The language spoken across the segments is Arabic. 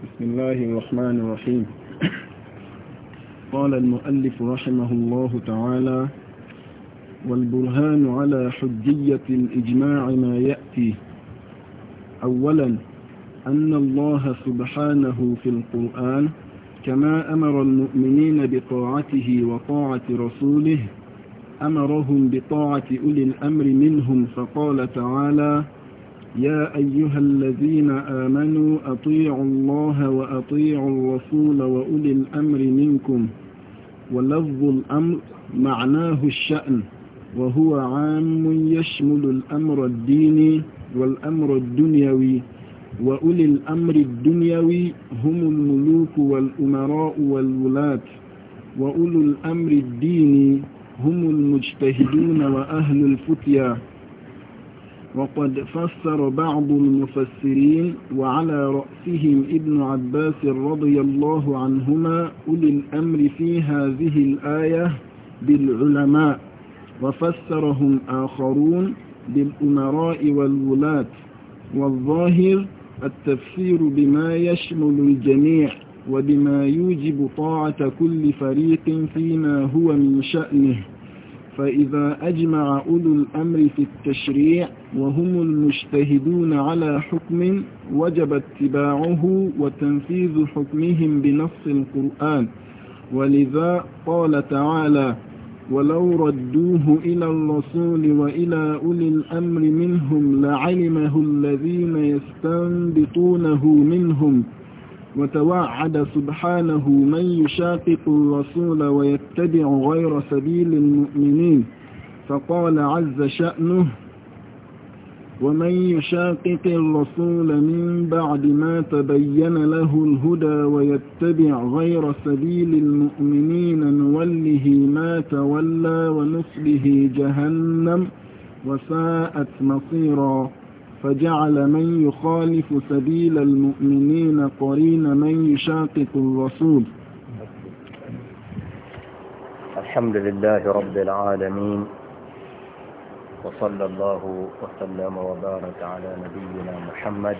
بسم الله الرحمن الرحيم قال المؤلف رحمه الله تعالى والبرهان على حجية الإجماع ما يأتي أولا أن الله سبحانه في القرآن كما أمر المؤمنين بطاعته وطاعة رسوله أمرهم بطاعة أولي الأمر منهم فقال تعالى يا أيها الذين آمنوا أطيعوا الله وأطيعوا الرسول وأولي الأمر منكم ولفظ الأمر معناه الشأن وهو عام يشمل الأمر الديني والأمر الدنيوي وأولي الأمر الدنيوي هم الملوك والأمراء والولاة وأولو الأمر الديني هم المجتهدون وأهل الفتيا وقد فسر بعض المفسرين وعلى رأسهم ابن عباس رضي الله عنهما أولي الأمر في هذه الآية بالعلماء وفسرهم آخرون بالأمراء والولاة والظاهر التفسير بما يشمل الجميع وبما يوجب طاعة كل فريق فيما هو من شأنه فإذا أجمع أولو الأمر في التشريع وهم المجتهدون على حكم وجب اتباعه وتنفيذ حكمهم بنص القرآن ولذا قال تعالى ولو ردوه إلى الرسول وإلى أولي الأمر منهم لعلمه الذين يستنبطونه منهم وتوعد سبحانه من يشاقق الرسول ويتبع غير سبيل المؤمنين فقال عز شأنه ومن يشاقق الرسول من بعد ما تبين له الهدى ويتبع غير سبيل المؤمنين نوله ما تولى ونصله جهنم وساءت مصيرا فجعل من يخالف سبيل المؤمنين قرين من يشاقق الرسول الحمد لله رب العالمين وصلى الله وسلم وبارك على نبينا محمد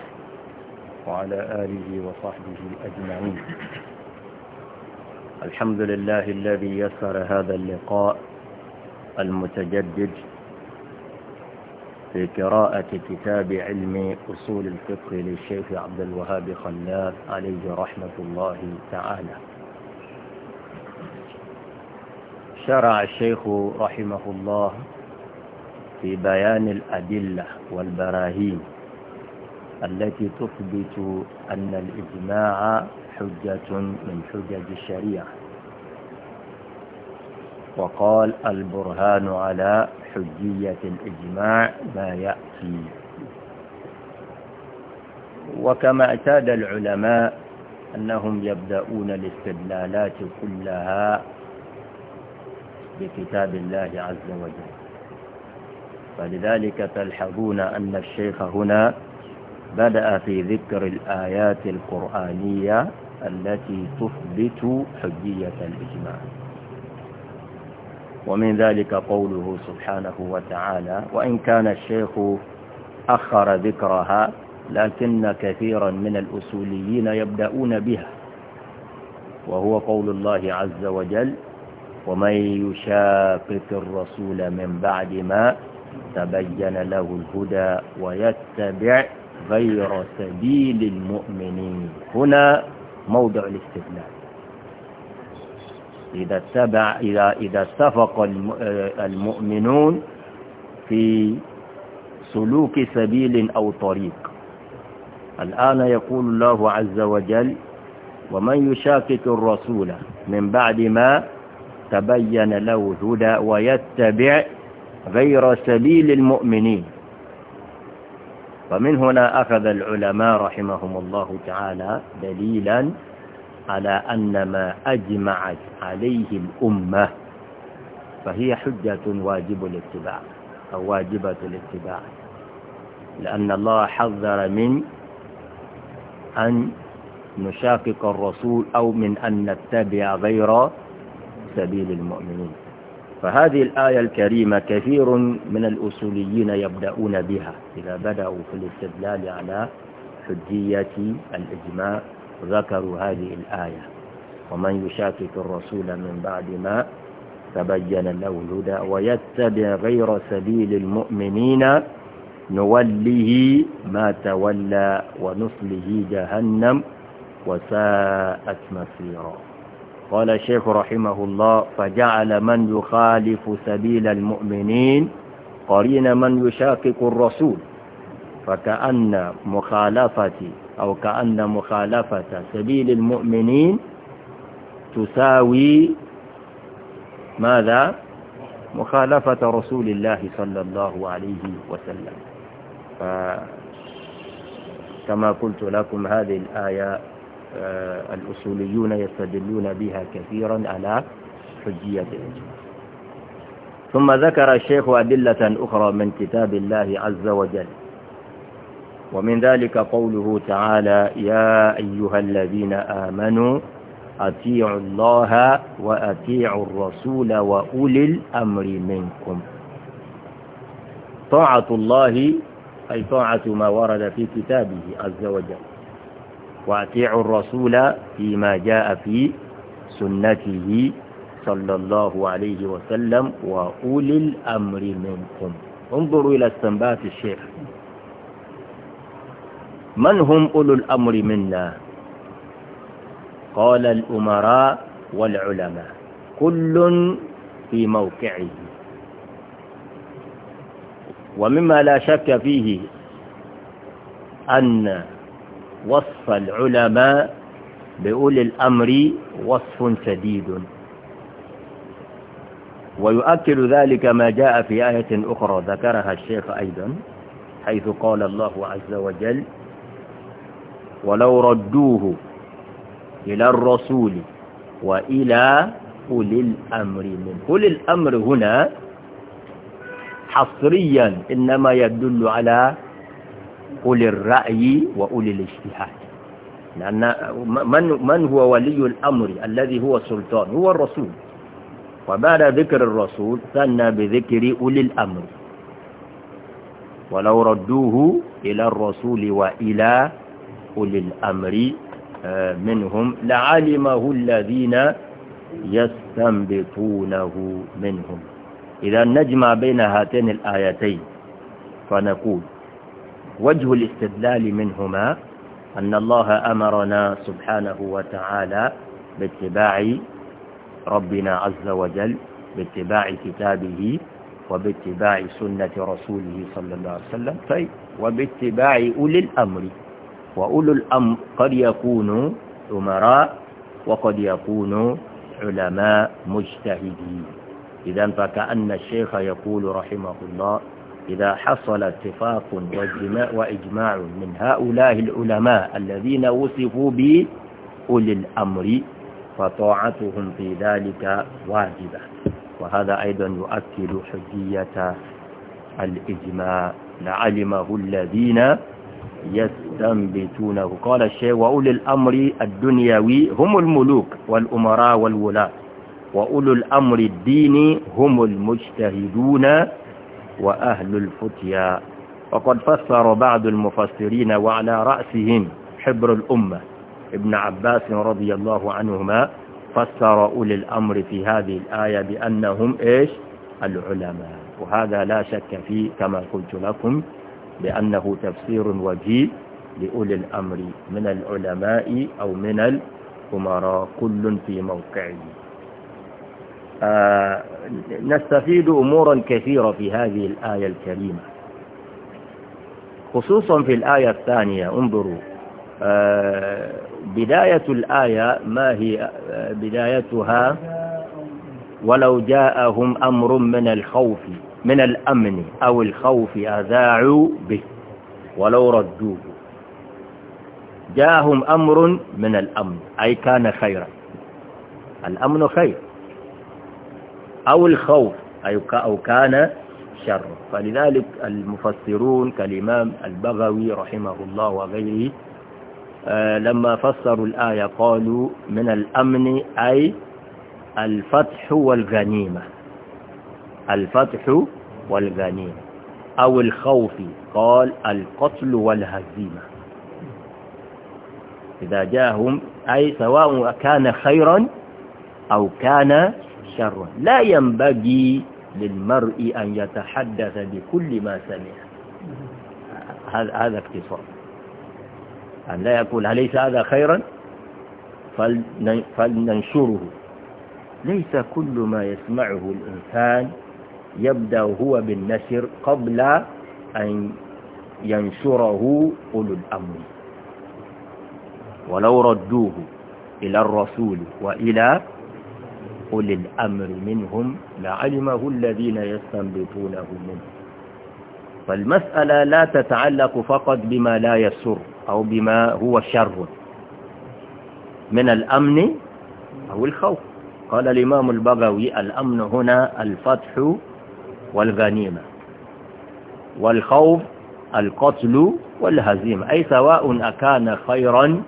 وعلى آله وصحبه أجمعين الحمد لله الذي يسر هذا اللقاء المتجدد في قراءة كتاب علم أصول الفقه للشيخ عبد الوهاب خلاف عليه رحمة الله تعالى شرع الشيخ رحمه الله في بيان الأدلة والبراهين التي تثبت أن الإجماع حجة من حجج الشريعة وقال البرهان على حجية الإجماع ما يأتي وكما اعتاد العلماء أنهم يبدأون الاستدلالات كلها بكتاب الله عز وجل فلذلك تلحظون أن الشيخ هنا بدأ في ذكر الآيات القرآنية التي تثبت حجية الإجماع ومن ذلك قوله سبحانه وتعالى وإن كان الشيخ أخر ذكرها لكن كثيرا من الأصوليين يبدأون بها وهو قول الله عز وجل ومن يشاقق الرسول من بعد ما تبين له الهدى ويتبع غير سبيل المؤمنين هنا موضع الاستدلال إذا, اتبع إذا, إذا استفق المؤمنون في سلوك سبيل أو طريق الآن يقول الله عز وجل ومن يشاكك الرسول من بعد ما تبين له هدى ويتبع غير سبيل المؤمنين ومن هنا أخذ العلماء رحمهم الله تعالى دليلا على أن ما أجمعت عليه الأمة فهي حجة واجب الاتباع أو واجبة الاتباع لأن الله حذر من أن نشاقق الرسول أو من أن نتبع غير سبيل المؤمنين فهذه الآية الكريمة كثير من الأصوليين يبدأون بها إذا بدأوا في الاستدلال على حجية الإجماع ذكروا هذه الآية ومن يشاكك الرسول من بعد ما تبين له الهدى ويتبع غير سبيل المؤمنين نوله ما تولى ونصله جهنم وساءت مصيرا قال الشيخ رحمه الله فجعل من يخالف سبيل المؤمنين قرين من يشاكك الرسول فكأن مخالفة أو كأن مخالفة سبيل المؤمنين تساوي ماذا مخالفة رسول الله صلى الله عليه وسلم كما قلت لكم هذه الآية آه، الأصوليون يستدلون بها كثيرا على حجية الإجماع ثم ذكر الشيخ أدلة أخرى من كتاب الله عز وجل ومن ذلك قوله تعالى يا أيها الذين آمنوا أطيعوا الله وأطيعوا الرسول وأولي الأمر منكم طاعة الله أي طاعة ما ورد في كتابه عز وجل وأطيعوا الرسول فيما جاء في سنته صلى الله عليه وسلم وأولي الأمر منكم انظروا إلى استنبات الشيخ من هم أولو الأمر منا قال الأمراء والعلماء كل في موقعه ومما لا شك فيه أن وصف العلماء بأولي الأمر وصف شديد ويؤكد ذلك ما جاء في آية أخرى ذكرها الشيخ أيضا حيث قال الله عز وجل ولو ردوه إلى الرسول وإلى أولي الأمر من أولي الأمر هنا حصريا إنما يدل على أولي الرأي وأولي الاجتهاد لأن من, من هو ولي الأمر الذي هو السلطان هو الرسول وبعد ذكر الرسول ثنى بذكر أولي الأمر ولو ردوه إلى الرسول وإلى أولي الأمر آه، منهم لعلمه الذين يستنبطونه منهم إذا نجمع بين هاتين الآيتين فنقول وجه الاستدلال منهما أن الله أمرنا سبحانه وتعالى باتباع ربنا عز وجل باتباع كتابه وباتباع سنة رسوله صلى الله عليه وسلم طيب، وباتباع أولي الأمر وأولو الأمر قد يكونوا أمراء وقد يكونوا علماء مجتهدين إذا فكأن الشيخ يقول رحمه الله إذا حصل اتفاق وإجماع من هؤلاء العلماء الذين وصفوا بأولي الأمر فطاعتهم في ذلك واجبة وهذا أيضا يؤكد حجية الإجماع لعلمه الذين يستنبتونه قال الشيخ وأولي الأمر الدنيوي هم الملوك والأمراء والولاة وأولي الأمر الديني هم المجتهدون وأهل الفتيا وقد فسر بعض المفسرين وعلى رأسهم حبر الأمة ابن عباس رضي الله عنهما فسر أولي الأمر في هذه الآية بأنهم إيش العلماء وهذا لا شك فيه كما قلت لكم لأنه تفسير وجيه لأولي الأمر من العلماء أو من الأمراء كل في موقعه آه نستفيد أمورا كثيرة في هذه الآية الكريمة خصوصا في الآية الثانية انظروا آه بداية الآية ما هي آه، بدايتها ولو جاءهم أمر من الخوف من الأمن أو الخوف أذاعوا به ولو ردوه جاءهم أمر من الأمن أي كان خيرا الأمن خير أو الخوف أي أو كان شر فلذلك المفسرون كالإمام البغوي رحمه الله وغيره آه، لما فسروا الآية قالوا من الأمن أي الفتح والغنيمة الفتح والغنيمة أو الخوف قال القتل والهزيمة إذا جاءهم أي سواء كان خيرا أو كان شرا لا ينبغي للمرء أن يتحدث بكل ما سمع هذا اقتصاد أن لا يقول أليس هذا خيرا فلننشره ليس كل ما يسمعه الإنسان يبدأ هو بالنشر قبل أن ينشره أولو الأمر ولو ردوه إلى الرسول وإلى أولي الأمر منهم لعلمه الذين يستنبطونه منه فالمسألة لا تتعلق فقط بما لا يسر أو بما هو شر من الأمن أو الخوف قال الإمام البغوي الأمن هنا الفتح والغنيمة والخوف القتل والهزيمة أي سواء أكان خيرا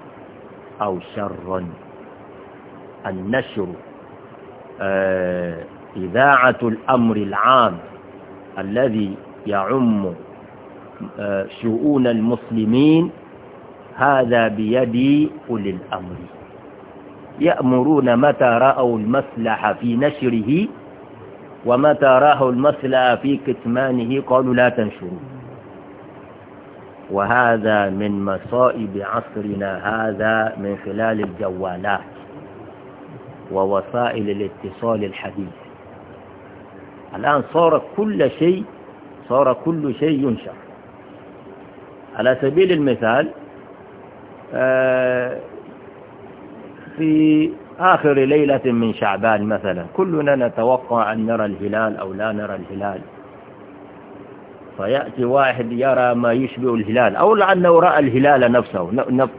أو شرا النشر آه، إذاعة الأمر العام الذي يعم آه، شؤون المسلمين هذا بيد أولي الأمر يأمرون متى رأوا المصلحة في نشره ومتى تراه المثل في كتمانه قالوا لا تنشروا وهذا من مصائب عصرنا هذا من خلال الجوالات ووسائل الاتصال الحديث الآن صار كل شيء صار كل شيء ينشر على سبيل المثال آه، في آخر ليلة من شعبان مثلا كلنا نتوقع أن نرى الهلال أو لا نرى الهلال فيأتي واحد يرى ما يشبه الهلال أو لأنه رأى الهلال نفسه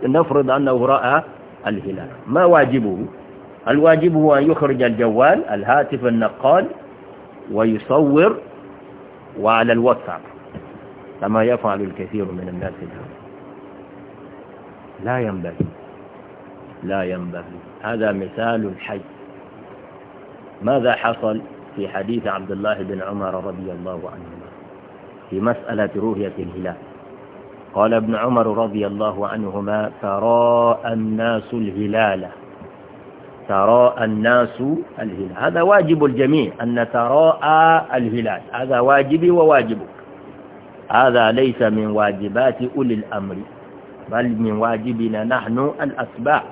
نفرض أنه رأى الهلال ما واجبه الواجب هو أن يخرج الجوال الهاتف النقال ويصور وعلى الواتساب كما يفعل الكثير من الناس اليوم لا ينبغي لا ينبغي هذا مثال حي ماذا حصل في حديث عبد الله بن عمر رضي الله عنهما في مسألة رؤية الهلال قال ابن عمر رضي الله عنهما تراءى الناس الهلال تراءى الناس الهلال هذا واجب الجميع أن نتراءى الهلال هذا واجبي وواجبك هذا ليس من واجبات أولي الأمر بل من واجبنا نحن الأسباب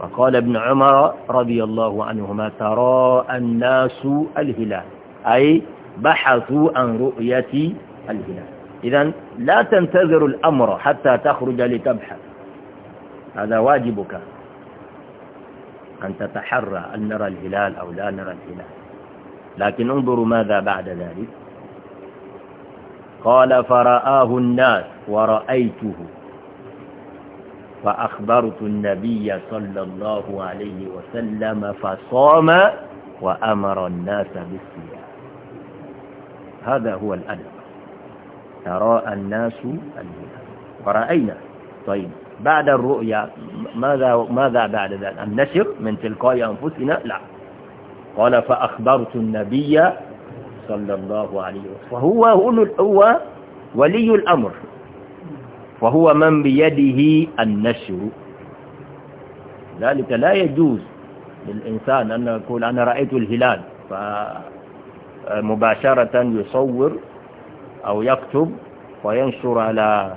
وقال ابن عمر رضي الله عنهما ترى الناس الهلال أي بحثوا عن رؤية الهلال إذا لا تنتظر الأمر حتى تخرج لتبحث هذا واجبك أن تتحرى أن نرى الهلال أو لا نرى الهلال لكن انظروا ماذا بعد ذلك قال فرآه الناس ورأيته فأخبرت النبي صلى الله عليه وسلم فصام وأمر الناس بالصيام هذا هو الأدب ترى الناس الهدى ورأينا طيب بعد الرؤيا ماذا, ماذا بعد ذلك النشر من تلقاء أنفسنا لا قال فأخبرت النبي صلى الله عليه وسلم فهو هو ولي الأمر فهو من بيده النشر ذلك لا يجوز للإنسان أن يقول أنا رأيت الهلال فمباشرة يصور أو يكتب وينشر على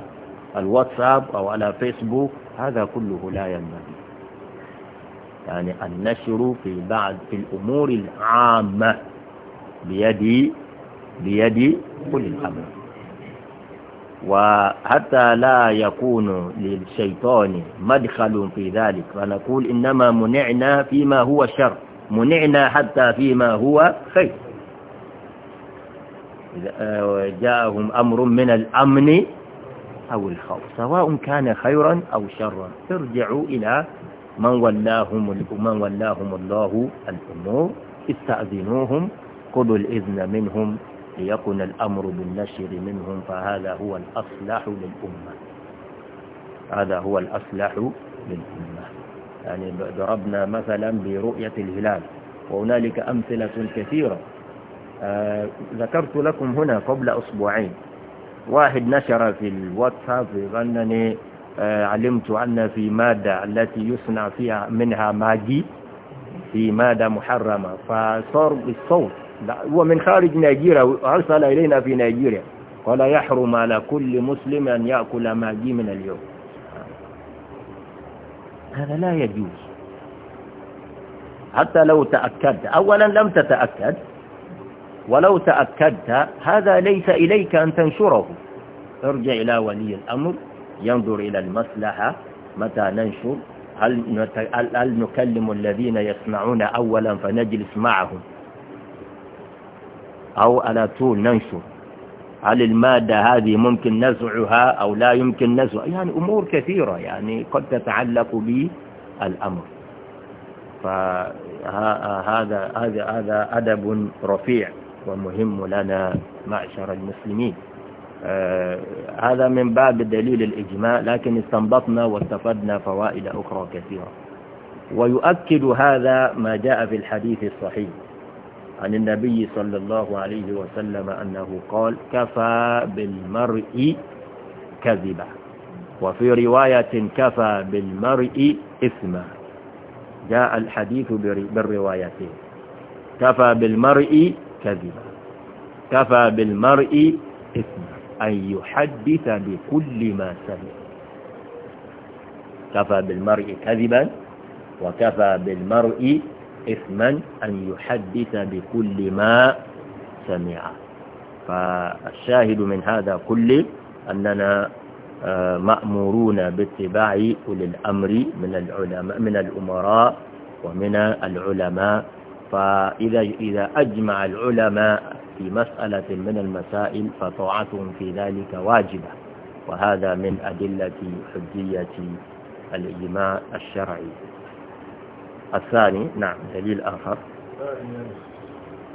الواتساب أو على فيسبوك هذا كله لا ينبغي يعني النشر في بعض في الأمور العامة بيد بيد كل الأمر وحتى لا يكون للشيطان مدخل في ذلك فنقول إنما منعنا فيما هو شر منعنا حتى فيما هو خير إذا جاءهم أمر من الأمن أو الخوف سواء كان خيرا أو شرا ارجعوا إلى من ولاهم, من ولاهم الله الأمور استأذنوهم خذوا الإذن منهم ليكن الأمر بالنشر منهم فهذا هو الأصلح للأمة هذا هو الأصلح للأمة يعني ضربنا مثلا برؤية الهلال وهنالك أمثلة كثيرة آه ذكرت لكم هنا قبل أسبوعين واحد نشر في الواتساب أنني آه علمت أن في مادة التي يصنع فيها منها ماجي في مادة محرمة فصار بالصوت هو من خارج نيجيريا وارسل إلينا في نيجيريا قال يحرم على كل مسلم أن يأكل ماجي من اليوم هذا لا يجوز حتى لو تأكدت أولا لم تتأكد ولو تأكدت هذا ليس إليك أن تنشره ارجع إلى ولي الأمر ينظر إلى المصلحة متى ننشر هل نكلم الذين يسمعون أولا فنجلس معهم أو على تون ننشر هل المادة هذه ممكن نزعها أو لا يمكن نزعها يعني أمور كثيرة يعني قد تتعلق بالأمر فهذا هذا هذا أدب رفيع ومهم لنا معشر المسلمين آه، هذا من باب دليل الإجماع لكن استنبطنا واستفدنا فوائد أخرى كثيرة ويؤكد هذا ما جاء في الحديث الصحيح عن النبي صلى الله عليه وسلم أنه قال كفى بالمرء كذبا وفي رواية كفى بالمرء إثما جاء الحديث بالروايتين كفى بالمرء كذبا كفى بالمرء إثما أن يحدث بكل ما سمع كفى بالمرء كذبا وكفى بالمرء إثما أن يحدث بكل ما سمع فالشاهد من هذا كله أننا آه، مأمورون باتباع أولي الأمر من العلماء من الأمراء ومن العلماء فإذا إذا أجمع العلماء في مسألة من المسائل فطاعتهم في ذلك واجبة وهذا من أدلة حجية الإجماع الشرعي الثاني نعم دليل آخر ثانيا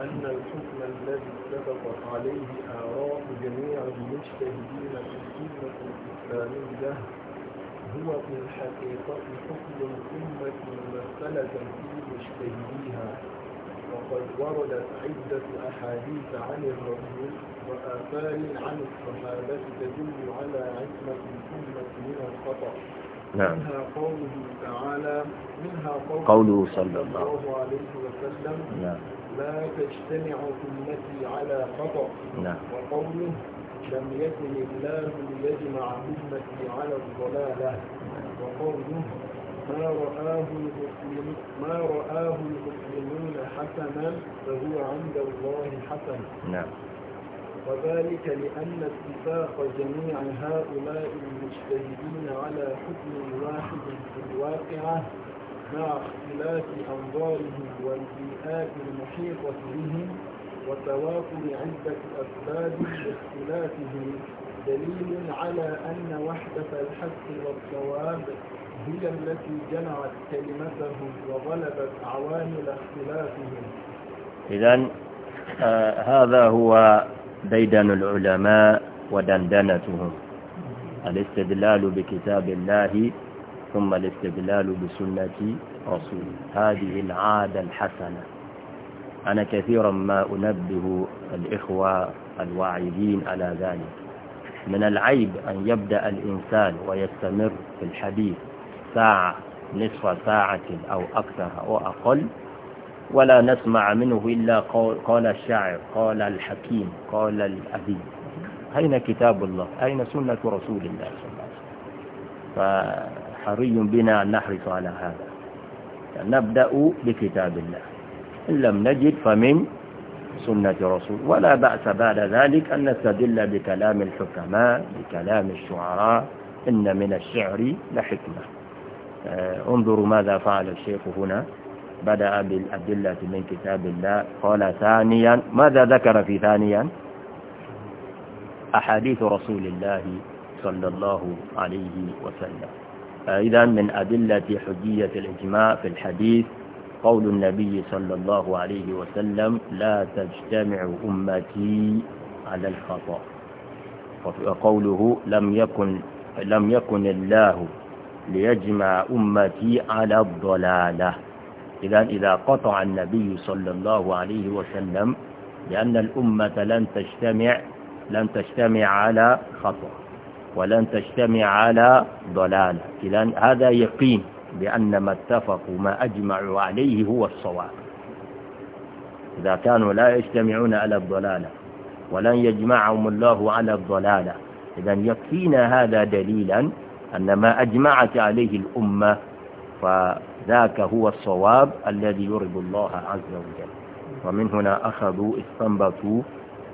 أن الحكم الذي اتفقت عليه آراء جميع المجتهدين في الأمة الإسلامية هو في الحقيقة حكم الأمة ممثلة في مجتهديها وقد وردت عدة أحاديث عن الرسول وآثار عن الصحابة تدل على عصمة الأمة من الخطأ نعم قوله تعالى منها قوله صلى الله عليه وسلم نعم لا تجتمع أمتي على خطأ نعم وقوله لم يكن الله ليجمع أمتي على الضلالة نعم. وقوله ما رآه المسلمون ما رآه المسلمون حسنا فهو عند الله حسن نعم وذلك لأن اتفاق جميع هؤلاء المجتهدين على حكم واحد في الواقعة مع اختلاف أنظارهم والبيئات المحيطة بهم وتوافر عدة أسباب لاختلافهم دليل على أن وحدة الحق والصواب هي التي جمعت كلمتهم وغلبت عوامل اختلافهم إذا آه هذا هو ديدن العلماء ودندنتهم الاستدلال بكتاب الله ثم الاستدلال بسنة رسوله هذه العادة الحسنة أنا كثيرا ما أنبه الإخوة الواعدين على ذلك من العيب أن يبدأ الإنسان ويستمر في الحديث ساعة نصف ساعة أو أكثر أو أقل ولا نسمع منه إلا قال الشاعر قال الحكيم قال الأديب أين كتاب الله أين سنة رسول الله صلى الله عليه وسلم فحري بنا أن نحرص على هذا نبدأ بكتاب الله إن لم نجد فمن سنة رسول ولا بأس بعد ذلك أن نستدل بكلام الحكماء بكلام الشعراء إن من الشعر لحكمة آه، انظروا ماذا فعل الشيخ هنا بدأ بالأدلة من كتاب الله قال ثانيا ماذا ذكر في ثانيا أحاديث رسول الله صلى الله عليه وسلم إذا من أدلة حجية الإجماع في الحديث قول النبي صلى الله عليه وسلم لا تجتمع أمتي على الخطأ وقوله لم يكن لم يكن الله ليجمع أمتي على الضلالة إذا إذا قطع النبي صلى الله عليه وسلم لأن الأمة لن تجتمع لن تجتمع على خطأ ولن تجتمع على ضلالة إذا هذا يقين بأن ما اتفقوا ما أجمعوا عليه هو الصواب إذا كانوا لا يجتمعون على الضلالة ولن يجمعهم الله على الضلالة إذا يكفينا هذا دليلا أن ما أجمعت عليه الأمة فذاك هو الصواب الذي يرضي الله عز وجل ومن هنا أخذوا استنبطوا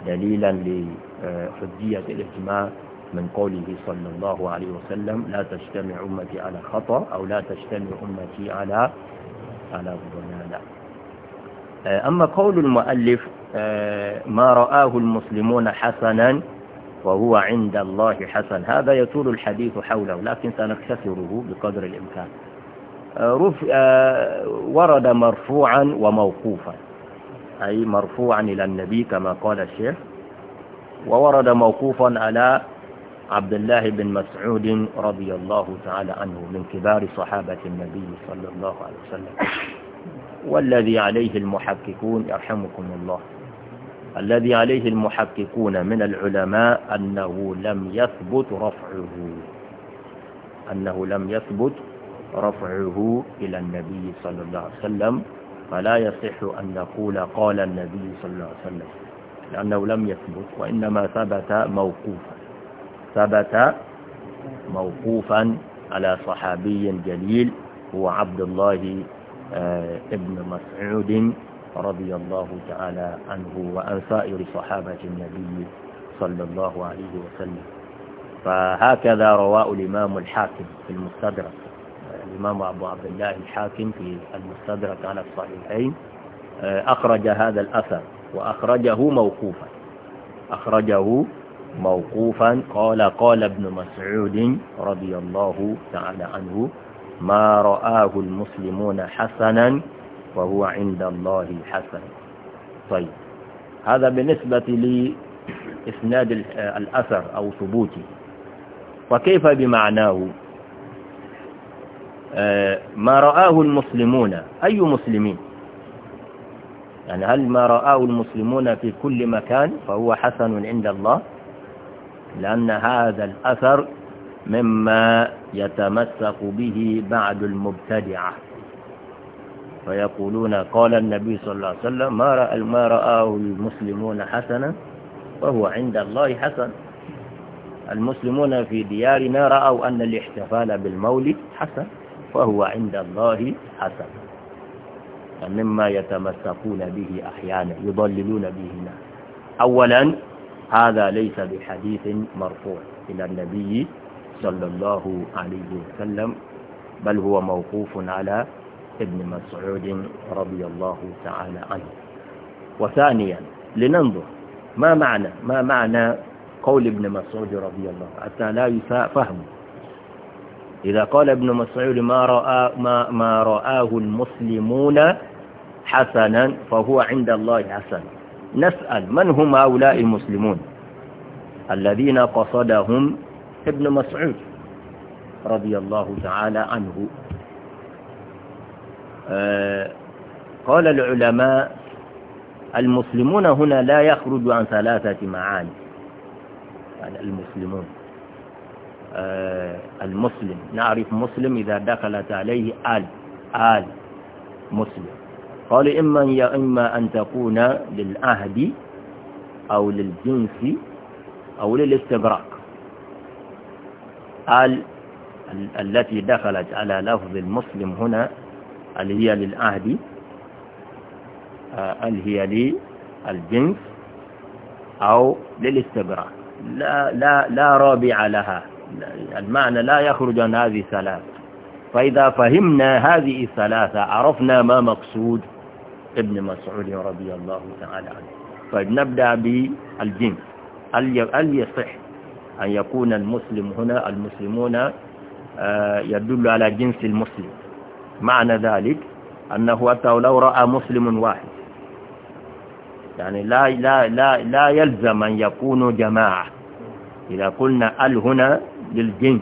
دليلا لحجية الإجماع من قوله صلى الله عليه وسلم لا تجتمع أمتي على خطأ أو لا تجتمع أمتي على على ضلالة أما قول المؤلف ما رآه المسلمون حسنا وهو عند الله حسن هذا يطول الحديث حوله لكن سنختصره بقدر الإمكان آه، ورد مرفوعا وموقوفا أي مرفوعا إلى النبي كما قال الشيخ وورد موقوفا على عبد الله بن مسعود رضي الله تعالى عنه من كبار صحابة النبي صلى الله عليه وسلم والذي عليه المحققون يرحمكم الله الذي عليه المحققون من العلماء أنه لم يثبت رفعه أنه لم يثبت رفعه إلى النبي صلى الله عليه وسلم فلا يصح أن نقول قال النبي صلى الله عليه وسلم لأنه لم يثبت وإنما ثبت موقوفا ثبت موقوفا على صحابي جليل هو عبد الله آه، ابن مسعود رضي الله تعالى عنه وعن سائر صحابة النبي صلى الله عليه وسلم فهكذا رواه الإمام الحاكم في المستدرك الإمام أبو عبد الله الحاكم في المستدرك على الصحيحين آه، أخرج هذا الأثر وأخرجه موقوفا أخرجه موقوفا قال قال ابن مسعود رضي الله تعالى عنه ما رآه المسلمون حسنا وهو عند الله حسن طيب هذا بالنسبة لإسناد آه، الأثر أو ثبوته وكيف بمعناه آه، ما رآه المسلمون أي مسلمين يعني هل ما رآه المسلمون في كل مكان فهو حسن عند الله لأن هذا الأثر مما يتمسك به بعد المبتدعة فيقولون قال النبي صلى الله عليه وسلم ما ما رآه المسلمون حسنا فهو عند الله حسن المسلمون في ديارنا رأوا أن الاحتفال بالمولد حسن فهو عند الله حسن مما يتمسكون به أحيانا يضللون به الناس أولا هذا ليس بحديث مرفوع إلى النبي صلى الله عليه وسلم بل هو موقوف على ابن مسعود رضي الله تعالى عنه وثانيا لننظر ما معنى ما معنى قول ابن مسعود رضي الله حتى لا يساء فهمه إذا قال ابن مسعود ما, رأى ما, ما رآه المسلمون حسنا فهو عند الله حسن نسأل من هم هؤلاء المسلمون الذين قصدهم ابن مسعود رضي الله تعالى عنه آه، قال العلماء المسلمون هنا لا يخرج عن ثلاثة معاني يعني المسلمون آه، المسلم نعرف مسلم إذا دخلت عليه آل آل مسلم قال إما, يا إما أن تكون للعهد أو للجنس أو للاستغراق آل التي دخلت على لفظ المسلم هنا هل هي للعهد آه، هل هي للجنس أو للاستغراق لا, لا, لا رابع لها المعنى لا يخرج عن هذه الثلاثة فإذا فهمنا هذه الثلاثة عرفنا ما مقصود ابن مسعود رضي الله تعالى عنه فنبدأ طيب، بالجنس هل يصح أن يكون المسلم هنا المسلمون آه، يدل على جنس المسلم معنى ذلك أنه حتى لو رأى مسلم واحد يعني لا, لا, لا, لا يلزم أن يكونوا جماعة إذا قلنا ال هنا للجنس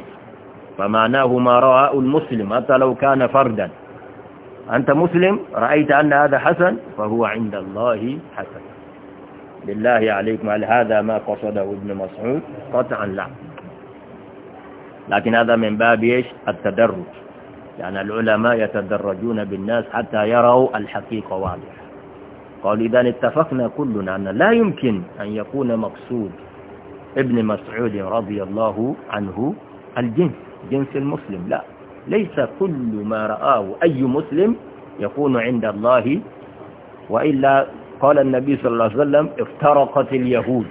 فمعناه ما رأى المسلم حتى لو كان فردا أنت مسلم رأيت أن هذا حسن فهو عند الله حسن بالله عليكم هل هذا ما قصده ابن مسعود قطعا لا لكن هذا من باب إيش التدرج يعني العلماء يتدرجون بالناس حتى يروا الحقيقة واضحة قالوا إذا اتفقنا كلنا أن لا يمكن أن يكون مقصود ابن مسعود رضي الله عنه الجنس جنس المسلم لا ليس كل ما رآه أي مسلم يكون عند الله وإلا قال النبي صلى الله عليه وسلم افترقت اليهود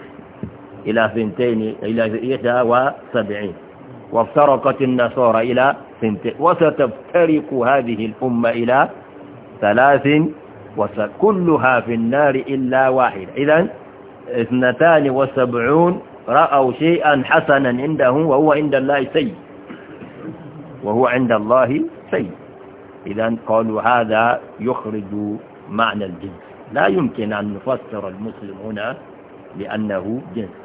إلى ثنتين إلى إحدى وسبعين وافترقت النصارى إلى ثنتين وستفترق هذه الأمة إلى ثلاث وكلها في النار إلا واحد إذا اثنتان وسبعون رأوا شيئا حسنا عنده وهو عند الله سيء وهو عند الله سيء إذا قالوا هذا يخرج معنى الجنس لا يمكن أن نفسر المسلم هنا بأنه جنس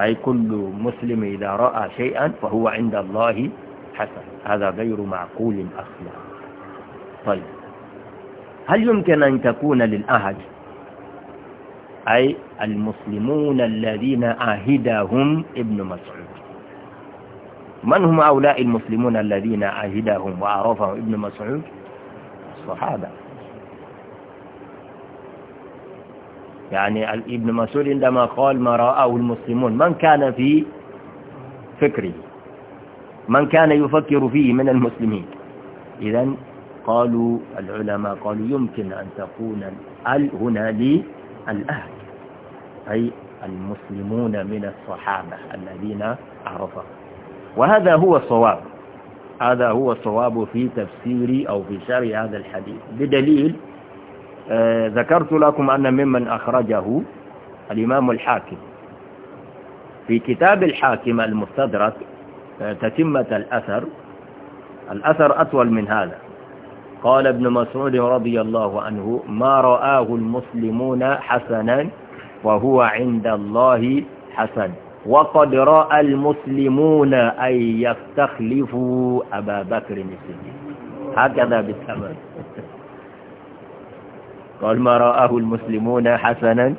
أي كل مسلم إذا رأى شيئا فهو عند الله حسن هذا غير معقول أصلا طيب هل يمكن أن تكون للأهج أي المسلمون الذين عهدهم ابن مسعود من هم هؤلاء المسلمون الذين عهدهم وعرفهم ابن مسعود الصحابة يعني ابن مسعود عندما قال ما رآه المسلمون من كان في فكره من كان يفكر فيه من المسلمين إذا قالوا العلماء قالوا يمكن أن تكون ال هنا للأهل أي المسلمون من الصحابة الذين عرفوا وهذا هو الصواب هذا هو الصواب في تفسير أو في شرح هذا الحديث بدليل آه، ذكرت لكم أن ممن أخرجه الإمام الحاكم في كتاب الحاكم المستدرك آه، تتمة الأثر الأثر أطول من هذا قال ابن مسعود رضي الله عنه ما رآه المسلمون حسنا فهو عند الله حسن وقد رأى المسلمون أن يستخلفوا أبا بكر الصديق هكذا بالثمن قال ما رآه المسلمون حسنا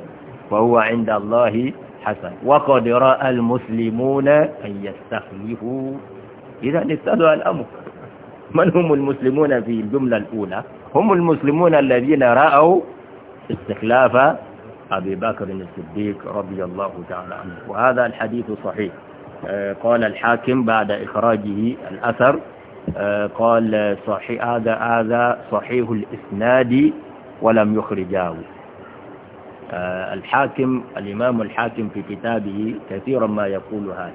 فهو عند الله حسن وقد رأى المسلمون أن يستخلفوا إذا استدعى الأمر من هم المسلمون في الجملة الأولى هم المسلمون الذين رأوا استخلاف أبي بكر الصديق رضي الله تعالى عنه وهذا الحديث صحيح آه، قال الحاكم بعد إخراجه الأثر آه، قال صحيح هذا هذا صحيح الإسناد ولم يخرجاه آه، الحاكم الإمام الحاكم في كتابه كثيرا ما يقول هذا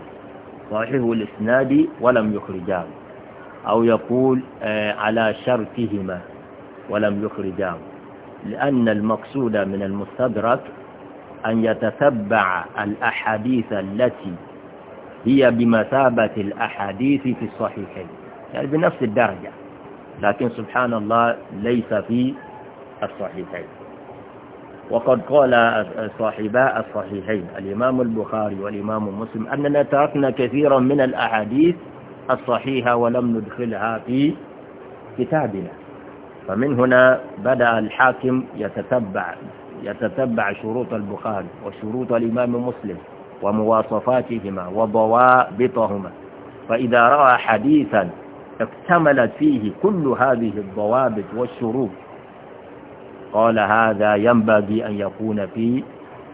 صحيح الإسناد ولم يخرجاه أو يقول على شرطهما ولم يخرجاه لأن المقصود من المستدرك أن يتتبع الأحاديث التي هي بمثابة الأحاديث في الصحيحين يعني بنفس الدرجة لكن سبحان الله ليس في الصحيحين وقد قال صاحبا الصحيحين الإمام البخاري والإمام مسلم أننا تركنا كثيرا من الأحاديث الصحيحة ولم ندخلها في كتابنا فمن هنا بدأ الحاكم يتتبع يتتبع شروط البخاري وشروط الإمام مسلم ومواصفاتهما وضوابطهما فإذا رأى حديثا اكتملت فيه كل هذه الضوابط والشروط قال هذا ينبغي أن يكون في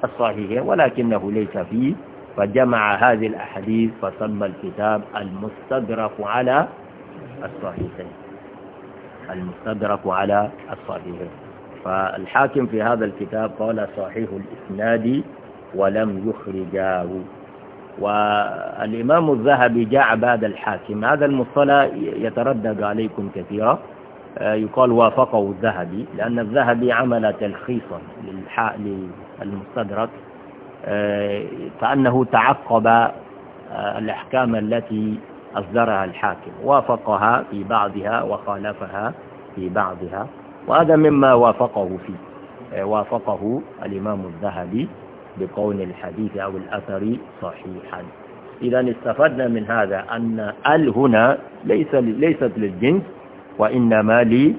الصحيح ولكنه ليس فيه فجمع هذه الأحاديث فسمى الكتاب المستدرك على الصحيحين المستدرك على الصحيح فالحاكم في هذا الكتاب قال صحيح الإسناد ولم يخرجاه والإمام الذهبي جاء بعد الحاكم هذا المصطلح يتردد عليكم كثيرا يقال وافقه الذهبي لأن الذهبي عمل تلخيصا للمستدرك آه، فأنه تعقب آه، الأحكام التي أصدرها الحاكم وافقها في بعضها وخالفها في بعضها وهذا مما وافقه فيه آه، وافقه الإمام الذهبي بقول الحديث أو الأثر صحيحا إذا استفدنا من هذا أن ال هنا ليس ليست للجنس وإنما لي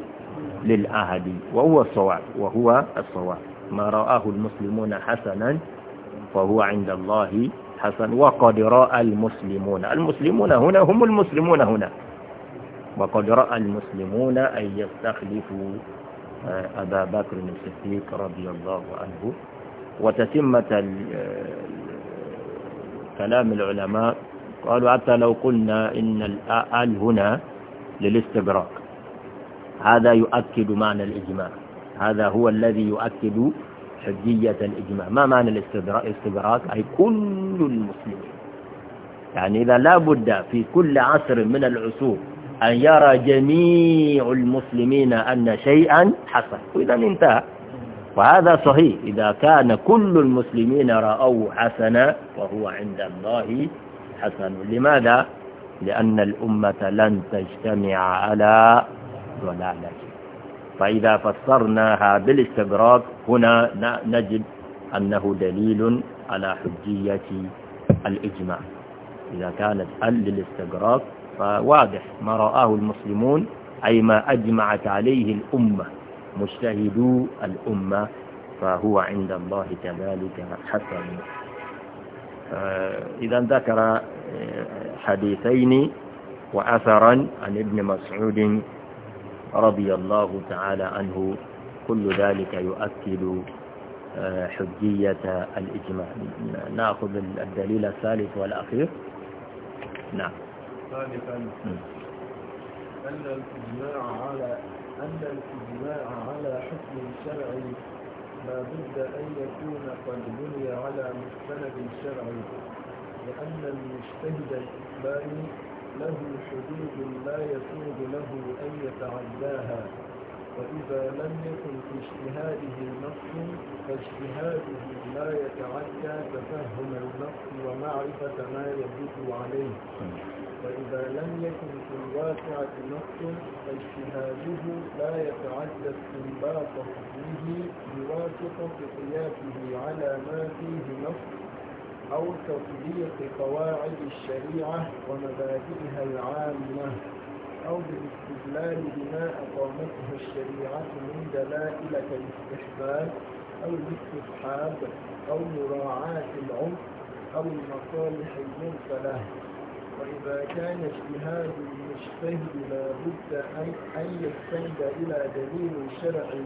للعهد وهو الصواب وهو الصواب ما رآه المسلمون حسنا فهو عند الله الحسن وقد رأى المسلمون المسلمون هنا هم المسلمون هنا وقد رأى المسلمون أن يستخلفوا آه، أبا بكر الصديق رضي الله عنه وتتمة آه، كلام العلماء قالوا حتى لو قلنا إن الآل هنا للاستدراك هذا يؤكد معنى الإجماع هذا هو الذي يؤكد حجية الإجماع ما معنى الاستدراك أي كل المسلمين يعني إذا لا بد في كل عصر من العصور أن يرى جميع المسلمين أن شيئا حصل وإذا انتهى وهذا صحيح إذا كان كل المسلمين رأوه حسنا فهو عند الله حسن لماذا؟ لأن الأمة لن تجتمع على ضلالته فإذا فسرناها بالاستدراك هنا نجد أنه دليل على حجية الإجماع إذا كانت أل للاستدراك فواضح ما رآه المسلمون أي ما أجمعت عليه الأمة مجتهدو الأمة فهو عند الله كذلك حسن آه، إذا ذكر آه، حديثين وأثرا عن ابن مسعود رضي الله تعالى عنه كل ذلك يؤكد آه، حجية الإجماع نأخذ الدليل الثالث والأخير نعم ثالثا أن الإجماع على أن الإجماع على حكم شرعي لا بد أن يكون قد بني على مستند شرعي لأن المجتهد الإسلامي له حدود لا يسوغ له أن يتعداها وإذا لم يكن في اجتهاده نص فاجتهاده لا يتعدى تفهم النص ومعرفة ما يدل عليه وإذا لم يكن في الواقعة نص فاجتهاده لا يتعدى استنباط حكمه بواسطة قياسه على ما فيه نص أو تطبيق قواعد الشريعة ومبادئها العامة أو بالاستدلال بما أقامته الشريعة من دلائل كالاستحباب أو الاستصحاب أو مراعاة العمق أو المصالح المرسلة وإذا كان اجتهاد المجتهد لا بد أن يستند إلى دليل شرعي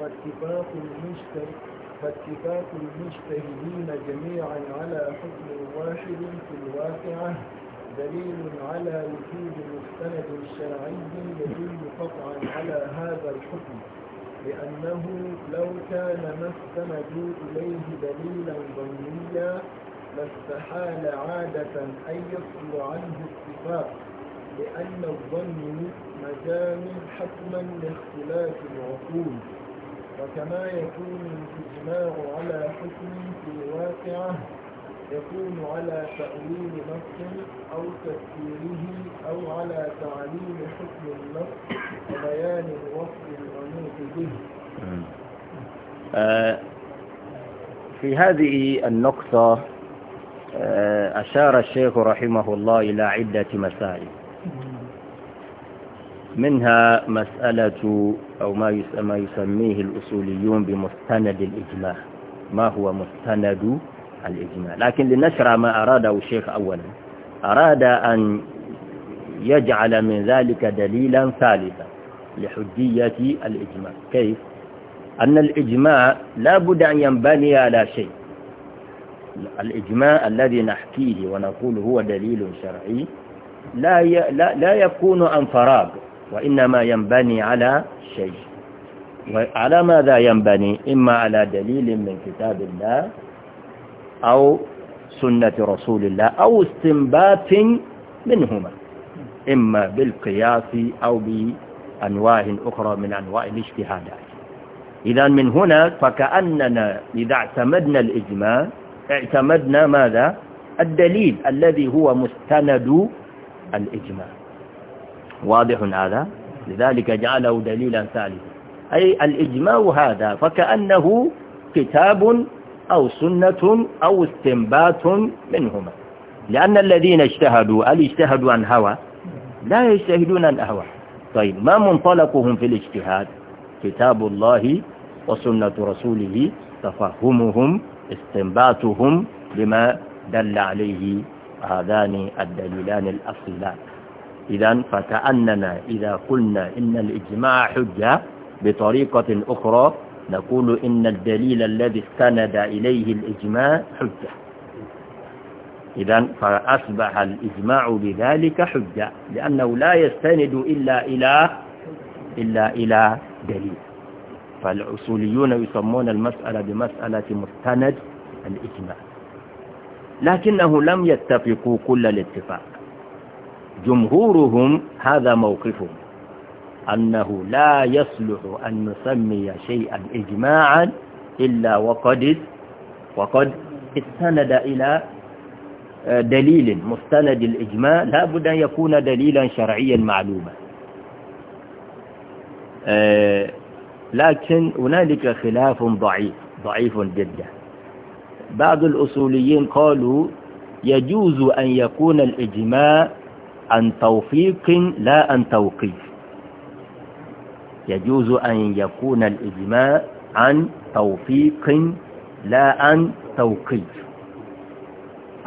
واتفاق المجتهد فاتفاق المجتهدين جميعا على حكم واحد في الواقعة دليل على وجود مستند شرعي يدل قطعا على هذا الحكم لأنه لو كان ما استندوا إليه دليلا ظنيا لاستحال عادة أن يصل عنه اتفاق لأن الظن مجال حتما لاختلاف العقول وكما يكون الإجماع على حكم في واقعة يكون على تأويل نص أو تفسيره أو على تعليل حكم النص وبيان الوصف المنوط به آه، في هذه النقطة آه، أشار الشيخ رحمه الله إلى عدة مسائل منها مسألة أو ما ما يسميه الأصوليون بمستند الإجماع ما هو مستند الإجماع لكن لنشرع ما أراده الشيخ أولا أراد أن يجعل من ذلك دليلا ثالثا لحجية الإجماع كيف؟ أن الإجماع لا بد أن ينبني على شيء الإجماع الذي نحكيه ونقول هو دليل شرعي لا لا يكون عن فراغ وإنما ينبني على شيء وعلى ماذا ينبني إما على دليل من كتاب الله أو سنة رسول الله أو استنبات منهما إما بالقياس أو بأنواع أخرى من أنواع الاجتهادات إذا من هنا فكأننا إذا اعتمدنا الإجماع اعتمدنا ماذا؟ الدليل الذي هو مستند الإجماع واضح هذا لذلك جعله دليلا ثالثا أي الإجماع هذا فكأنه كتاب أو سنة أو استنبات منهما لأن الذين اجتهدوا هل اجتهدوا عن هوى لا يجتهدون عن أهوى طيب ما منطلقهم في الاجتهاد كتاب الله وسنة رسوله تفهمهم استنباتهم لما دل عليه هذان الدليلان الأصلان إذا فكأننا إذا قلنا إن الإجماع حجة بطريقة أخرى نقول إن الدليل الذي استند إليه الإجماع حجة إذا فأصبح الإجماع بذلك حجة لأنه لا يستند إلا إلى إلا إلى دليل فالأصوليون يسمون المسألة بمسألة مستند الإجماع لكنه لم يتفقوا كل الاتفاق جمهورهم هذا موقفهم أنه لا يصلح أن نسمي شيئا إجماعا إلا وقد وقد استند إلى آه، دليل مستند الإجماع لا بد أن يكون دليلا شرعيا معلوما آه، لكن هنالك خلاف ضعيف ضعيف جدا بعض الأصوليين قالوا يجوز أن يكون الإجماع عن توفيق لا عن توقيف يجوز أن يكون الإجماع عن توفيق لا عن توقيف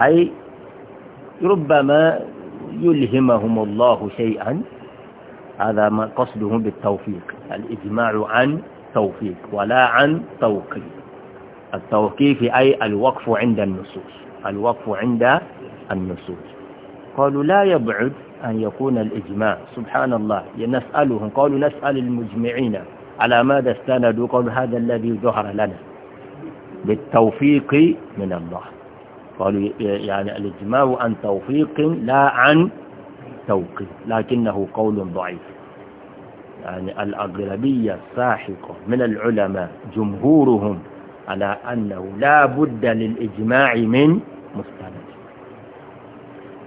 أي ربما يلهمهم الله شيئا هذا ما قصده بالتوفيق الإجماع عن توفيق ولا عن توقيف التوقيف أي الوقف عند النصوص الوقف عند النصوص قالوا لا يبعد أن يكون الإجماع سبحان الله نسألهم قالوا نسأل المجمعين على ماذا استندوا قالوا هذا الذي ظهر لنا بالتوفيق من الله قالوا يعني الإجماع عن توفيق لا عن توقيت لكنه قول ضعيف يعني الأغلبية الساحقة من العلماء جمهورهم على أنه لا بد للإجماع من مستند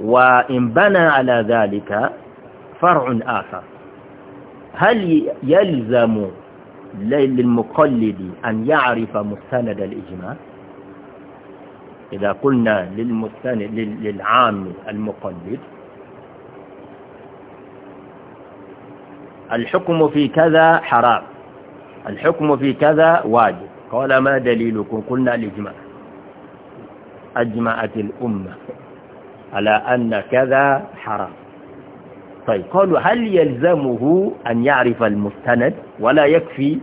وإن بنى على ذلك فرع آخر هل يلزم للمقلد أن يعرف مستند الإجماع إذا قلنا للمستند للعام المقلد الحكم في كذا حرام الحكم في كذا واجب قال ما دليلكم قلنا الإجماع أجمعت الأمة على أن كذا حرام طيب قالوا هل يلزمه أن يعرف المستند ولا يكفي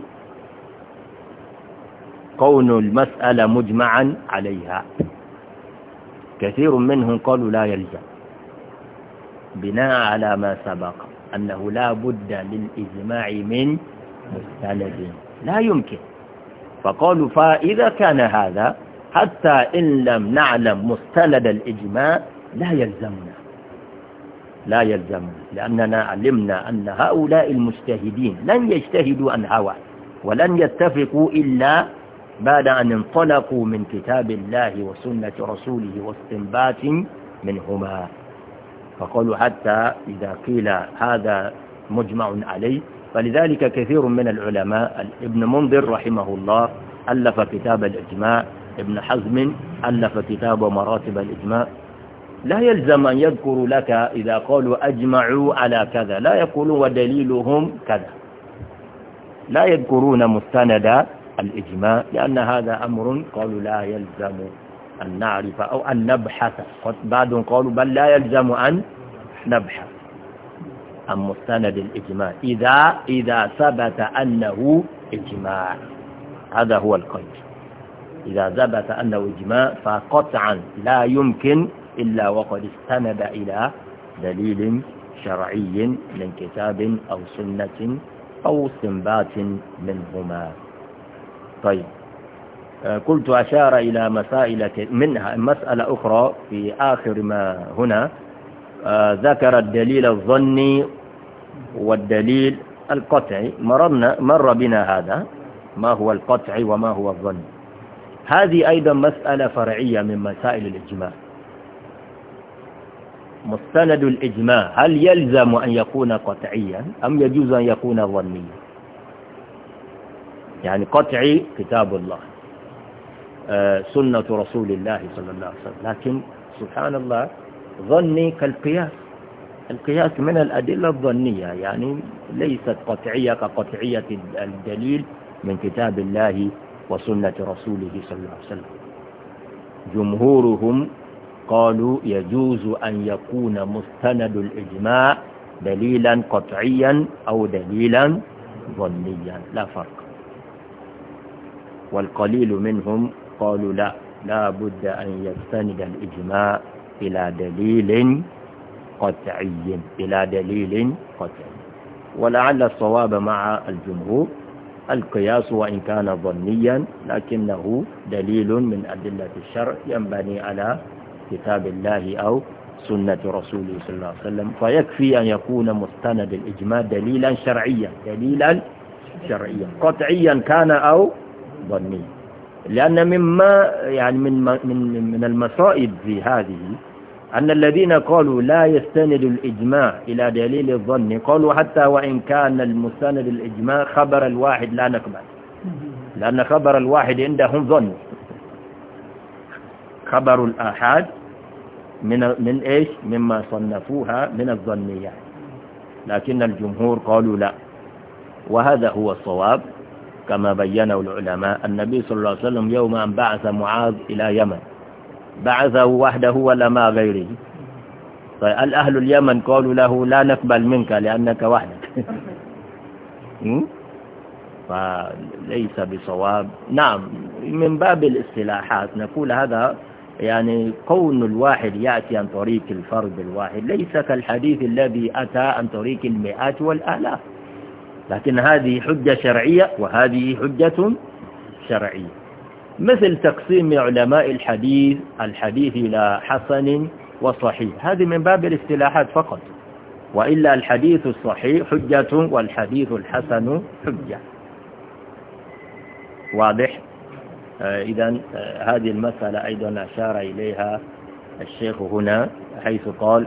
كون المسألة مجمعا عليها كثير منهم قالوا لا يلزم بناء على ما سبق أنه لا بد للإجماع من مستند لا يمكن فقالوا فإذا كان هذا حتى إن لم نعلم مستند الإجماع لا يلزمنا لا يلزمنا لأننا علمنا أن هؤلاء المجتهدين لن يجتهدوا عن هوى ولن يتفقوا إلا بعد أن انطلقوا من كتاب الله وسنة رسوله واستنبات منهما فقالوا حتى إذا قيل هذا مجمع عليه فلذلك كثير من العلماء ابن منذر رحمه الله ألف كتاب الإجماع ابن حزم ألف كتاب مراتب الإجماع لا يلزم أن يذكروا لك إذا قالوا أجمعوا على كذا لا يقولوا ودليلهم كذا لا يذكرون مستند الإجماع لأن هذا أمر قالوا لا يلزم أن نعرف أو أن نبحث بعض قالوا بل لا يلزم أن نبحث عن مستند الإجماع إذا, إذا ثبت أنه إجماع هذا هو القيد إذا ثبت أنه إجماع فقطعا لا يمكن إلا وقد استند إلى دليل شرعي من كتاب أو سنة أو استنبات منهما طيب آه، قلت أشار إلى مسائل منها مسألة أخرى في آخر ما هنا آه، ذكر الدليل الظني والدليل القطعي مررنا مر بنا هذا ما هو القطعي وما هو الظني هذه أيضا مسألة فرعية من مسائل الإجماع مستند الإجماع هل يلزم أن يكون قطعيا أم يجوز أن يكون ظنيا يعني قطعي كتاب الله آه، سنة رسول الله صلى الله عليه وسلم لكن سبحان الله ظني كالقياس القياس من الأدلة الظنية يعني ليست قطعية كقطعية الدليل من كتاب الله وسنة رسوله صلى الله عليه وسلم جمهورهم قالوا يجوز أن يكون مستند الإجماع دليلا قطعيا أو دليلا ظنيا لا فرق والقليل منهم قالوا لا لا بد أن يستند الإجماع إلى دليل قطعي إلى دليل قطعي ولعل الصواب مع الجمهور القياس وإن كان ظنيا لكنه دليل من أدلة الشرع ينبني على كتاب الله أو سنة رسوله صلى الله عليه وسلم فيكفي أن يكون مستند الإجماع دليلا شرعيا دليلا شرعيا قطعيا كان أو ظنيا لأن مما يعني من من من المصائب في هذه أن الذين قالوا لا يستند الإجماع إلى دليل الظن قالوا حتى وإن كان المستند الإجماع خبر الواحد لا نقبل لأن خبر الواحد عندهم ظن خبر الآحاد من من إيش مما صنفوها من الظنيات لكن الجمهور قالوا لا وهذا هو الصواب كما بينه العلماء النبي صلى الله عليه وسلم يوم أن بعث معاذ إلى يمن بعثه وحده ولا مع غيره فالأهل اليمن قالوا له لا نقبل منك لأنك وحدك فليس بصواب نعم من باب الاصطلاحات نقول هذا يعني كون الواحد يأتي عن طريق الفرد الواحد ليس كالحديث الذي أتى عن طريق المئات والآلاف لكن هذه حجة شرعية وهذه حجة شرعية مثل تقسيم علماء الحديث الحديث إلى حسن وصحيح هذه من باب الاصطلاحات فقط وإلا الحديث الصحيح حجة والحديث الحسن حجة واضح آه، إذا آه، هذه المسألة أيضا أشار إليها الشيخ هنا حيث قال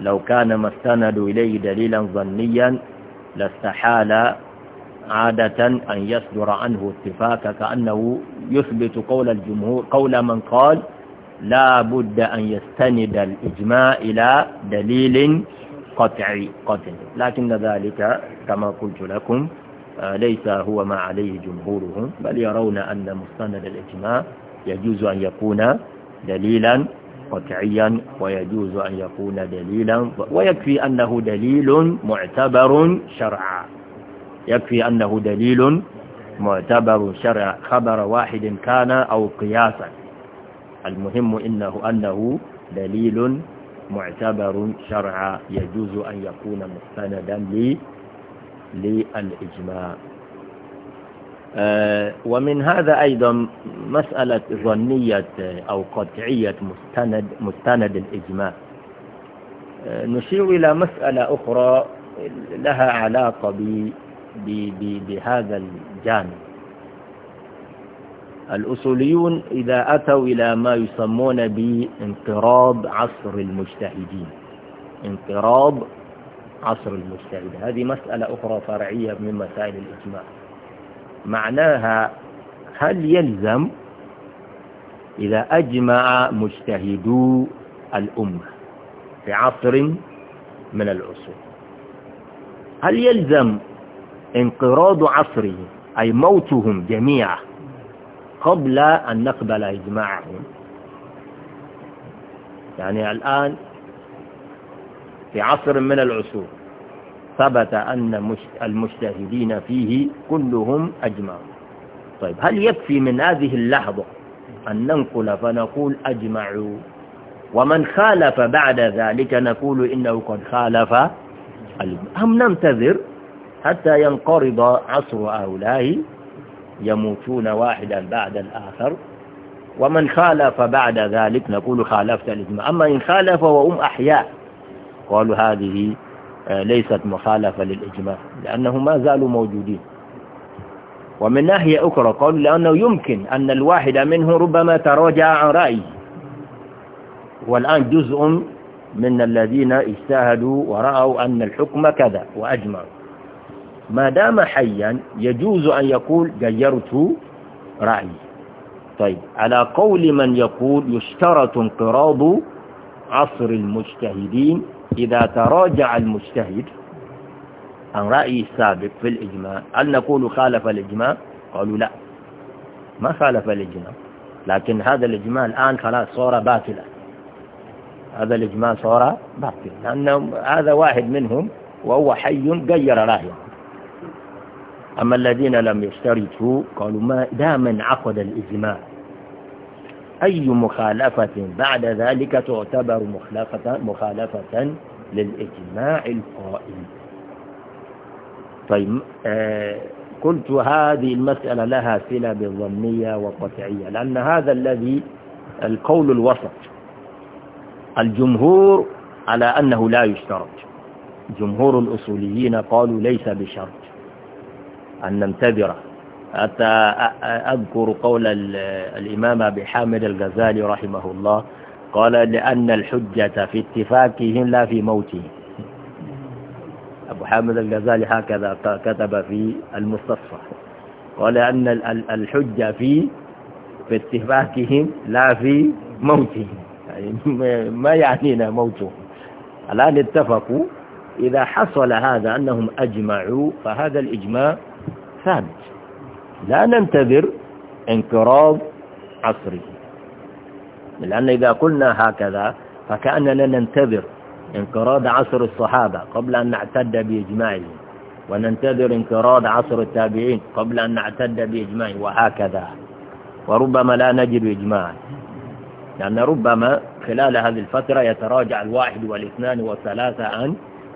لو كان ما استند إليه دليلا ظنيا لاستحال عادة أن يصدر عنه اتفاق كأنه يثبت قول الجمهور قول من قال لا بد أن يستند الإجماع إلى دليل قطعي قطعي لكن ذلك كما قلت لكم ليس هو ما عليه جمهورهم بل يرون أن مستند الإجماع يجوز أن يكون دليلا قطعيا ويجوز أن يكون دليلا ويكفي أنه دليل معتبر شرعا يكفي أنه دليل معتبر شرعا خبر واحد كان أو قياسا المهم إنه أنه دليل معتبر شرعا يجوز أن يكون مستندا لي للإجماع آه، ومن هذا أيضا مسألة ظنية أو قطعية مستند, مستند الإجماع آه، نشير إلى مسألة أخرى لها علاقة بهذا الجانب الأصوليون إذا أتوا إلى ما يسمون بانقراض عصر المجتهدين انقراض عصر المجتهد هذه مسألة أخرى فرعية من مسائل الإجماع معناها هل يلزم إذا أجمع مجتهدو الأمة في عصر من العصور هل يلزم انقراض عصره أي موتهم جميعا قبل أن نقبل إجماعهم يعني الآن في عصر من العصور ثبت أن المجتهدين فيه كلهم أجمع طيب هل يكفي من هذه اللحظة أن ننقل فنقول أجمعوا ومن خالف بعد ذلك نقول إنه قد خالف أم ننتظر حتى ينقرض عصر هؤلاء يموتون واحدا بعد الآخر ومن خالف بعد ذلك نقول خالفت الإجماع أما إن خالف وهم أحياء قالوا هذه آه، ليست مخالفة للإجماع لأنه ما زالوا موجودين ومن ناحية أخرى قالوا لأنه يمكن أن الواحد منه ربما تراجع عن رأيه والآن جزء من الذين اجتهدوا ورأوا أن الحكم كذا وأجمعوا ما دام حيا يجوز أن يقول غيرت رأيي طيب على قول من يقول يشترط انقراض عصر المجتهدين إذا تراجع المجتهد عن رأيه السابق في الإجماع هل نقول خالف الإجماع قالوا لا ما خالف الإجماع لكن هذا الإجماع الآن خلاص صار باطلا هذا الإجماع صار باطلا لأن هذا واحد منهم وهو حي غير رايه أما الذين لم يشترطوا قالوا ما دام انعقد الإجماع أي مخالفة بعد ذلك تعتبر مخالفة, مخالفة للإجماع القائم طيب آه قلت هذه المسألة لها صلة بالظنية وقطعية لأن هذا الذي القول الوسط الجمهور على أنه لا يشترط جمهور الأصوليين قالوا ليس بشرط أن ننتظره حتى أذكر قول الإمام أبي حامد الغزالي رحمه الله قال لأن الحجة في اتفاقهم لا في موتهم أبو حامد الغزالي هكذا كتب في المستصفى قال أن الحجة في في اتفاقهم لا في موتهم يعني ما يعنينا موتهم الآن اتفقوا إذا حصل هذا أنهم أجمعوا فهذا الإجماع ثابت لا ننتظر انقراض عصره لأن إذا قلنا هكذا فكأننا ننتظر انقراض عصر الصحابة قبل أن نعتد بإجماعهم وننتظر انقراض عصر التابعين قبل أن نعتد بإجماعهم وهكذا وربما لا نجد إجماعا لأن ربما خلال هذه الفترة يتراجع الواحد والاثنان والثلاثة عن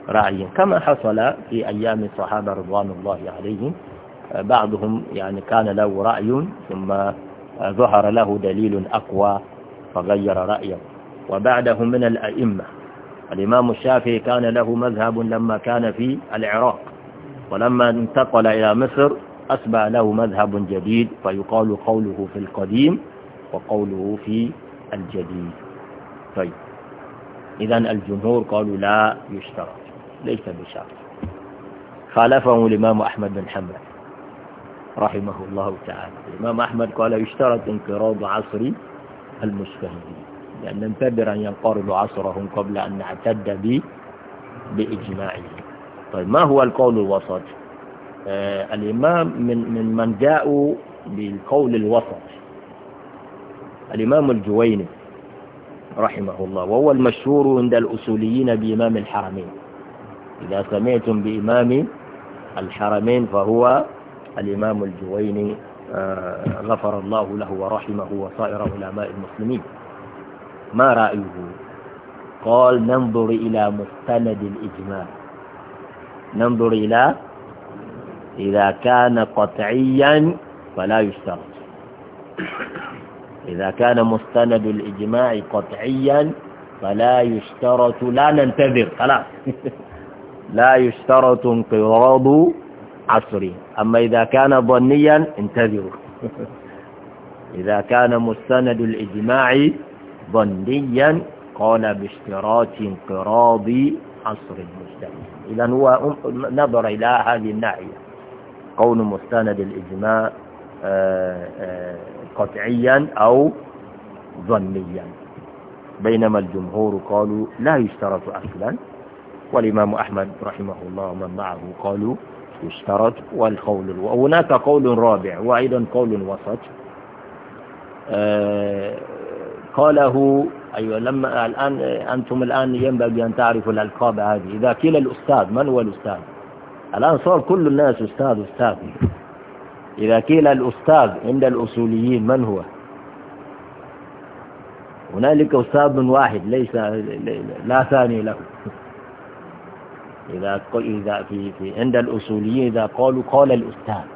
رأيهم كما حصل في أيام الصحابة رضوان الله عليهم بعضهم يعني كان له رأي ثم ظهر له دليل أقوى فغير رأيه وبعده من الأئمة الإمام الشافعي كان له مذهب لما كان في العراق ولما انتقل إلى مصر أسبع له مذهب جديد فيقال قوله في القديم وقوله في الجديد طيب إذا الجمهور قالوا لا يشترط ليس بشرط خالفه الإمام أحمد بن حنبل رحمه الله تعالى الإمام أحمد قال يشترط انقراض عصر المجتهدين لأن ننتظر أن ينقرض عصرهم قبل أن نعتد به بإجماعهم طيب ما هو القول الوسط آه، الإمام من, من من جاءوا بالقول الوسط الإمام الجويني رحمه الله وهو المشهور عند الأصوليين بإمام الحرمين إذا سمعتم بإمام الحرمين فهو الإمام الجويني آه، غفر الله له ورحمه وصائر علماء المسلمين ما رأيه قال ننظر إلى مستند الإجماع ننظر إلى إذا كان قطعيا فلا يشترط إذا كان مستند الإجماع قطعيا فلا يشترط لا ننتظر خلاص لا يشترط انقراض عصري أما إذا كان ظنيا انتظروا إذا كان مستند الإجماع ظنيا قال باشتراط انقراض عصر المجتمع إذا هو نظر إلى هذه الناحية قول مستند الإجماع آه، آه، قطعيا أو ظنيا بينما الجمهور قالوا لا يشترط أصلا والإمام أحمد رحمه الله ومن معه قالوا يشترط والقول وهناك قول رابع وأيضا قول وسط آه، قاله أيوة لما الآن أنتم الآن ينبغي أن تعرفوا الألقاب هذه إذا قيل الأستاذ من هو الأستاذ الآن صار كل الناس أستاذ أستاذ إذا قيل الأستاذ عند الأصوليين من هو هنالك أستاذ واحد ليس لا ثاني له إذا إذا في في عند الأصوليين إذا قالوا قال الأستاذ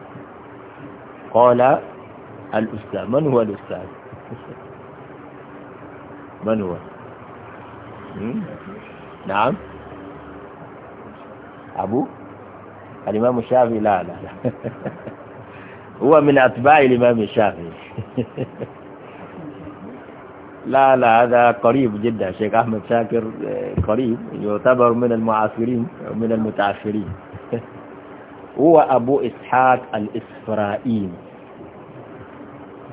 قال الأستاذ من هو الأستاذ؟ من هو؟ نعم أبو الإمام الشافعي لا لا, لا. هو من أتباع الإمام الشافعي لا لا هذا قريب جدا شيخ أحمد شاكر آه، قريب يعتبر من المعاصرين من المتعاصرين هو أبو إسحاق الإسرائيل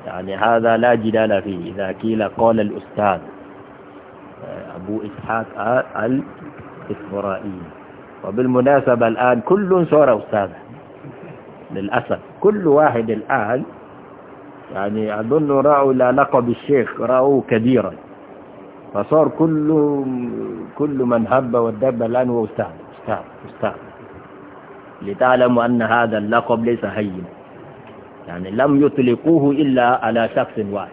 يعني هذا لا جدال فيه إذا قيل قال الأستاذ آه، أبو إسحاق الإسرائيل وبالمناسبة الآن كل صار أستاذ للأسف كل واحد الآن يعني أظن رأوا إلى لقب الشيخ رأوه كبيرا فصار كل كل من هب ودب الآن هو أستاذ أستاذ أستاذ لتعلموا أن هذا اللقب ليس هين يعني لم يطلقوه إلا على شخص واحد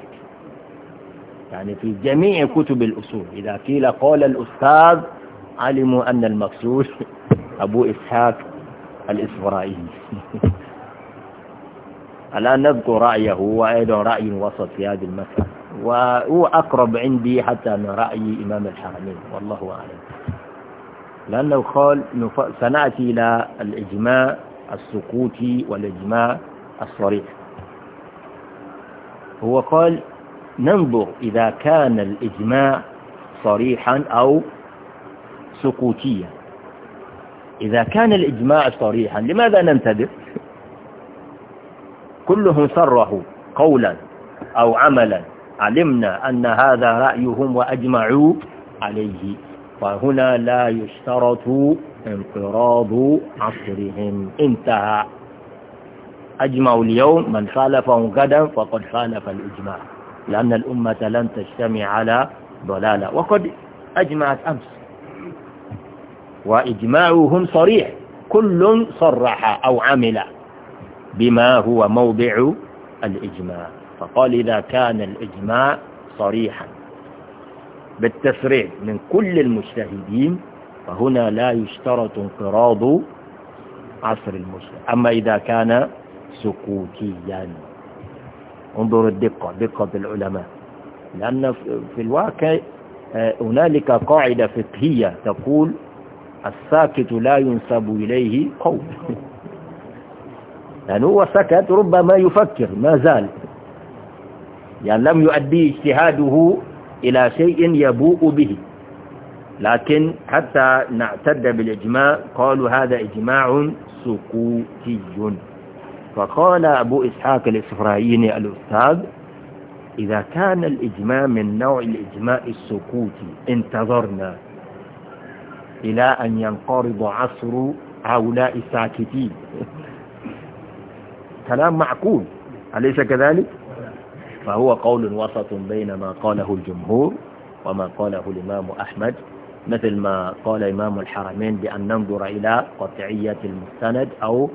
يعني في جميع كتب الأصول إذا قيل قال الأستاذ علموا أن المقصود أبو إسحاق الإسرائيلي الآن نذكر رأيه هو أيضا رأي وسط في هذه المسألة وهو أقرب عندي حتى من رأي إمام الحرمين والله أعلم لأنه قال سنأتي إلى الإجماع السقوطي والإجماع الصريح هو قال ننظر إذا كان الإجماع صريحا أو سقوطيا إذا كان الإجماع صريحا لماذا ننتبه كلهم صرحوا قولا أو عملا علمنا أن هذا رأيهم وأجمعوا عليه فهنا لا يشترط انقراض عصرهم انتهى أجمعوا اليوم من خالفهم غدا فقد خالف الإجماع لأن الأمة لن تجتمع على ضلالة وقد أجمعت أمس وإجماعهم صريح كل صرح أو عمل بما هو موضع الإجماع فقال إذا كان الإجماع صريحا بالتفريع من كل المجتهدين فهنا لا يشترط انقراض عصر المجتهد أما إذا كان سكوتيا انظر الدقة دقة العلماء لأن في الواقع آه، هنالك قاعدة فقهية تقول الساكت لا ينسب إليه قول يعني هو سكت ربما يفكر ما زال يعني لم يؤدي اجتهاده إلى شيء يبوء به لكن حتى نعتد بالإجماع قالوا هذا إجماع سكوتي فقال أبو إسحاق الإسرائيلي الأستاذ إذا كان الإجماع من نوع الإجماع السكوتي انتظرنا إلى أن ينقرض عصر هؤلاء الساكتين كلام معقول أليس كذلك فهو قول وسط بين ما قاله الجمهور وما قاله الإمام أحمد مثل ما قال إمام الحرمين بأن ننظر إلى قطعية المستند أو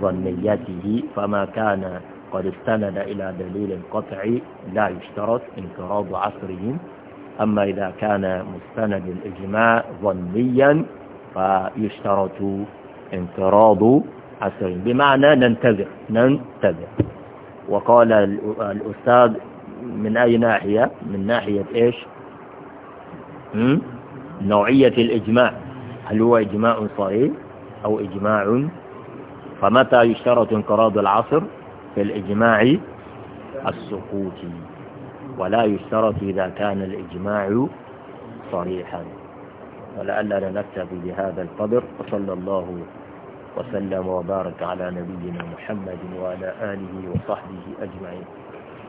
ظنيته فما كان قد استند إلى دليل قطعي لا يشترط انقراض عصرهم أما إذا كان مستند الإجماع ظنيا فيشترط انقراض حسين بمعنى ننتظر ننتظر وقال الأستاذ من أي ناحية من ناحية إيش نوعية الإجماع هل هو إجماع صحيح أو إجماع فمتى يشترط انقراض العصر في الإجماع السقوطي ولا يشترط إذا كان الإجماع صريحا ولعلنا نكتفي بهذا القدر وصلى الله وسلم وبارك على نبينا محمد وعلى آله وصحبه أجمعين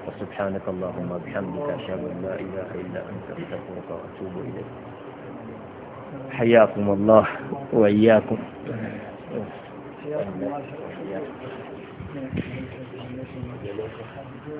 وسبحانك اللهم وبحمدك أشهد أن لا إله إلا أنت أستغفرك وأتوب إليك حياكم الله وإياكم حياكم الله